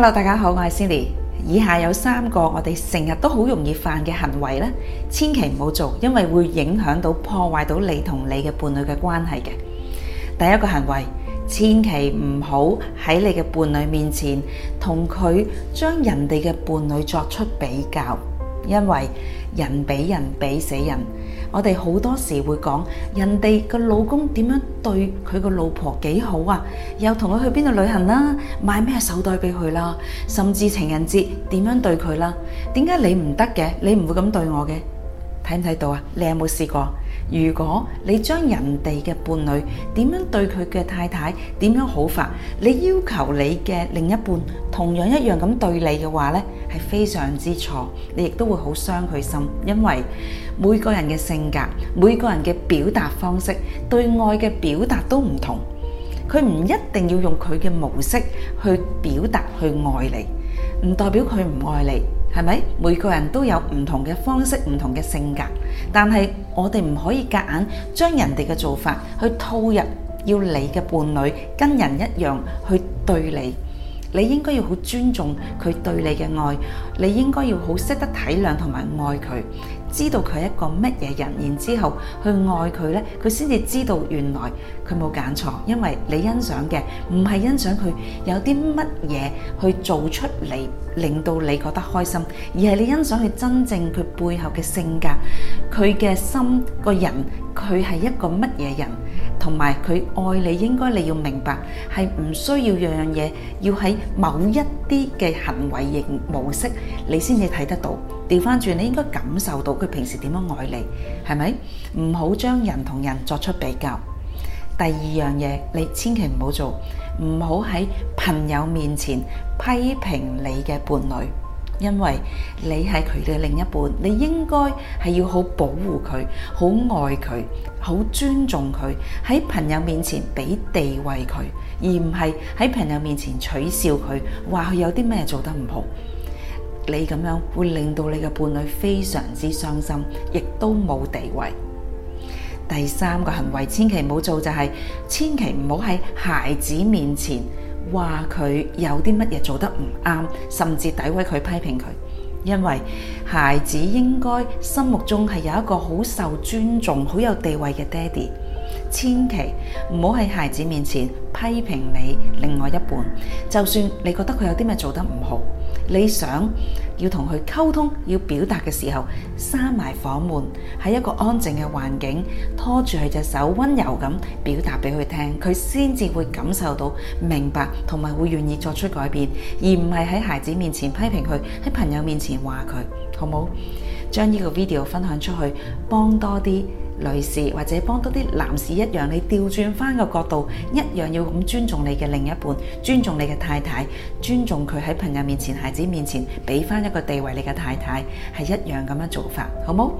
Hello，大家好，我係 Cindy。以下有三個我哋成日都好容易犯嘅行為咧，千祈唔好做，因為會影響到破壞到你同你嘅伴侶嘅關係嘅。第一個行為，千祈唔好喺你嘅伴侶面前同佢將人哋嘅伴侶作出比較，因為人比人比死人。我哋好多時會講人哋個老公點樣對佢個老婆幾好啊，又同佢去邊度旅行啦、啊，買咩手袋俾佢啦，甚至情人節點樣對佢啦、啊，點解你唔得嘅？你唔會咁對我嘅？睇唔睇到啊？你有冇試過？如果你將人哋嘅伴侶點樣對佢嘅太太，點樣好法，你要求你嘅另一半同樣一樣咁對你嘅話咧，係非常之錯，你亦都會好傷佢心，因為每個人嘅性格、每個人嘅表達方式對愛嘅表達都唔同，佢唔一定要用佢嘅模式去表達去愛你，唔代表佢唔愛你。係咪？每個人都有唔同嘅方式、唔同嘅性格，但係我哋唔可以夾硬將人哋嘅做法去套入要的，要你嘅伴侶跟人一樣去對你。你應該要好尊重佢對你嘅愛，你應該要好識得體諒同埋愛佢，知道佢係一個乜嘢人，然之後去愛佢呢，佢先至知道原來佢冇揀錯，因為你欣賞嘅唔係欣賞佢有啲乜嘢去做出嚟令到你覺得開心，而係你欣賞佢真正佢背後嘅性格，佢嘅心個人，佢係一個乜嘢人。同埋佢愛你，應該你要明白，係唔需要樣樣嘢，要喺某一啲嘅行為型模式，你先至睇得到。掉返轉，你應該感受到佢平時點樣愛你，係咪？唔好將人同人作出比較。第二樣嘢，你千祈唔好做，唔好喺朋友面前批評你嘅伴侶。因為你係佢嘅另一半，你應該係要好保護佢、好愛佢、好尊重佢，喺朋友面前俾地位佢，而唔係喺朋友面前取笑佢，話佢有啲咩做得唔好。你咁樣會令到你嘅伴侶非常之傷心，亦都冇地位。第三個行為，千祈唔好做就係，千祈唔好喺孩子面前。話佢有啲乜嘢做得唔啱，甚至詆毀佢、批評佢，因為孩子應該心目中係有一個好受尊重、好有地位嘅爹地。千祈唔好喺孩子面前批評你另外一半，就算你覺得佢有啲咩做得唔好，你想要同佢溝通、要表達嘅時候，閂埋房門，喺一個安靜嘅環境，拖住佢隻手，溫柔咁表達俾佢聽，佢先至會感受到明白，同埋會願意作出改變，而唔係喺孩子面前批評佢，喺朋友面前話佢，好冇？將呢個 video 分享出去，幫多啲。女士或者幫多啲男士一樣，你調轉翻個角度，一樣要咁尊重你嘅另一半，尊重你嘅太太，尊重佢喺朋友面前、孩子面前，俾翻一個地位你嘅太太，係一樣咁樣的做法，好冇？